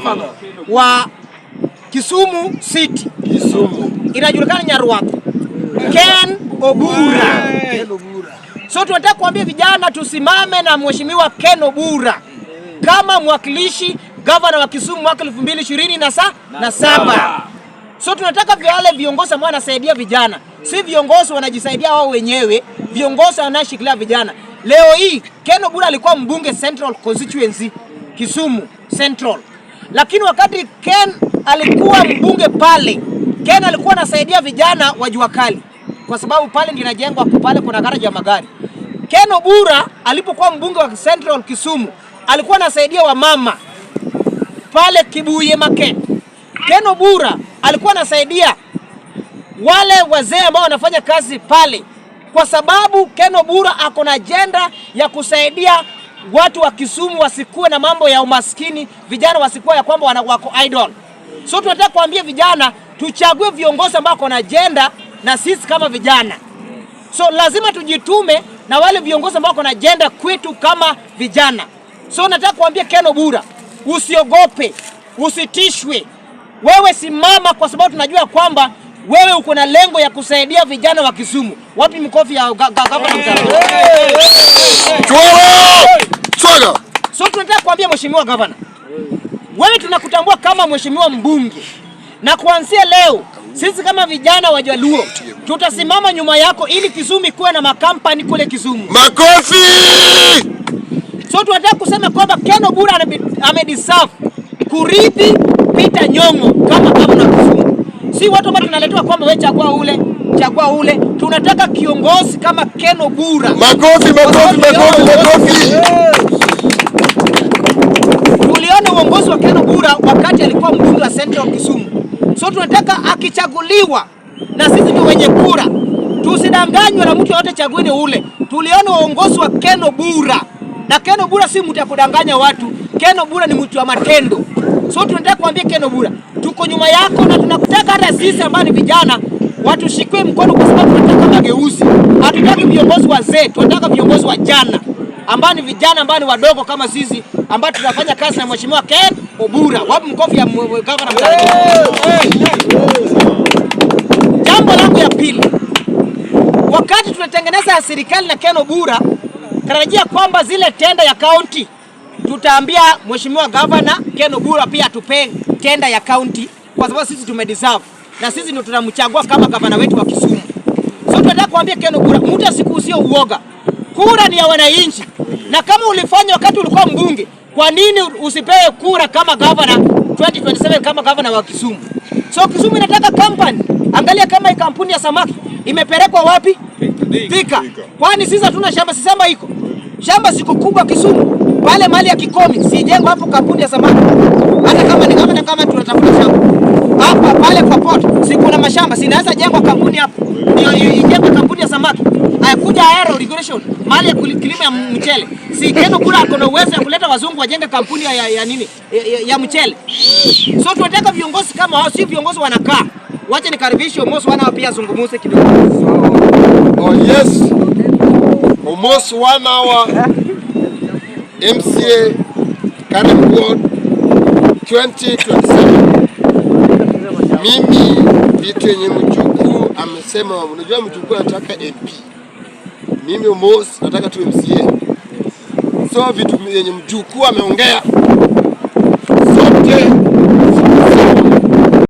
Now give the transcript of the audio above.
gavana wa Kisumu City. Kisumu. Inajulikana Nyaruwapi. Mm. Ken Obura. Ken Obura. So tunataka kuambia vijana tusimame na Mheshimiwa Ken Obura kama mwakilishi gavana wa Kisumu mwaka 2027. So tunataka wale viongozi ambao wanasaidia vijana, si viongozi wanajisaidia wao wenyewe, viongozi wanashikilia vijana. Leo hii Ken Obura alikuwa mbunge Central Constituency, Kisumu Central. Lakini wakati Ken alikuwa mbunge pale, Ken alikuwa anasaidia vijana wa jua kali, kwa sababu pale ndinajengwa inajengwa, pale kuna garaji ya magari. Ken Obura alipokuwa mbunge wa Central Kisumu alikuwa anasaidia wamama pale Kibuye Market. Ken Obura alikuwa anasaidia wale wazee ambao wanafanya kazi pale, kwa sababu Ken Obura ako na ajenda ya kusaidia watu wa Kisumu wasikuwe na mambo ya umaskini, vijana wasikuwe ya kwamba wako idol. So tunataka kuambia vijana tuchague viongozi ambao wako na ajenda na sisi kama vijana. So lazima tujitume na wale viongozi ambao wako na ajenda kwetu kama vijana. So nataka kuambia keno bura usiogope, usitishwe. Wewe simama, kwa sababu tunajua kwamba wewe uko na lengo ya kusaidia vijana wa Kisumu. Wapi mkofi ya gavana? Swaga. So tunataka kuambia mheshimiwa gavana, wewe tunakutambua kama mheshimiwa mbunge, na kuanzia leo sisi kama vijana wa Jaluo tutasimama nyuma yako ili Kisumu ikuwe na makampani kule Kisumu. Makofi! So tunataka kusema kwamba Ken Obura amedeserve kurithi Peter Nyong'o kama gavana wa Kisumu. Si watu ambao tunaletewa kwamba wewe chagua ule chagua ule, tunataka kiongozi kama Ken Obura. Makofi, makofi, makofi, makofi. la Central Kisumu. So tunataka akichaguliwa, na sisi ni wenye kura, tusidanganywe na mtu yoyote. Chaguini ule tuliona uongozi wa Keno Bura, na Keno Bura si mtu ya kudanganya watu. Keno Bura ni mtu wa matendo. So tunataka kuambia Keno Bura, tuko nyuma yako na tunakutaka hata sisi ambao ni vijana watushikwe mkono, kwa sababu tunataka mageuzi. Hatutaki viongozi wazee, tunataka viongozi wa jana ambao ni vijana ambao ni wadogo kama sisi ambao tunafanya kazi na mheshimiwa Ken Obura. Wapi mkofi ya gavana? Jambo langu ya pili, wakati tunatengeneza ya serikali na Ken Obura, tarajia kwamba zile tenda ya kaunti tutaambia mheshimiwa gavana Ken Obura pia atupe tenda ya kaunti, kwa sababu sisi tumedeserve na sisi ndio tunamchagua kama gavana wetu wa Kisumu. So tunataka kuambia Ken Obura, mtu asikuusie uoga Kura ni ya wananchi, na kama ulifanya wakati ulikuwa mbunge, kwa nini usipewe kura kama gavana 2027 kama gavana wa Kisumu? So Kisumu inataka kampani, angalia kama hii kampuni ya samaki imepelekwa wapi? Thika. Kwani sisi hatuna shamba? Si shamba iko shamba siku kubwa Kisumu pale, mali ya Kikomi, sijengwa hapo kampuni ya samaki, hata kama ni kama kama tunatafuta shamba shamba, si inaweza jengwa kampuni hapo, ijengwe kampuni ya samaki, ayakuja aero regulation mali ya kilimo ya mchele, si tena kula ako uwezo ya kuleta wazungu wajenge kampuni ya, ya nini ya, ya, ya mchele. So tunataka viongozi kama hao, si viongozi wanakaa. Wacha nikaribishe Omos wana pia zungumuse kidogo. Oh, oh yes, Omos wana wa MCA Karen Ward 2027 mimi vitu yenye mjukuu amesema. Unajua mjukuu anataka MP, mimi Mos nataka tu MCA, so vitu yenye mjukuu ameongea sote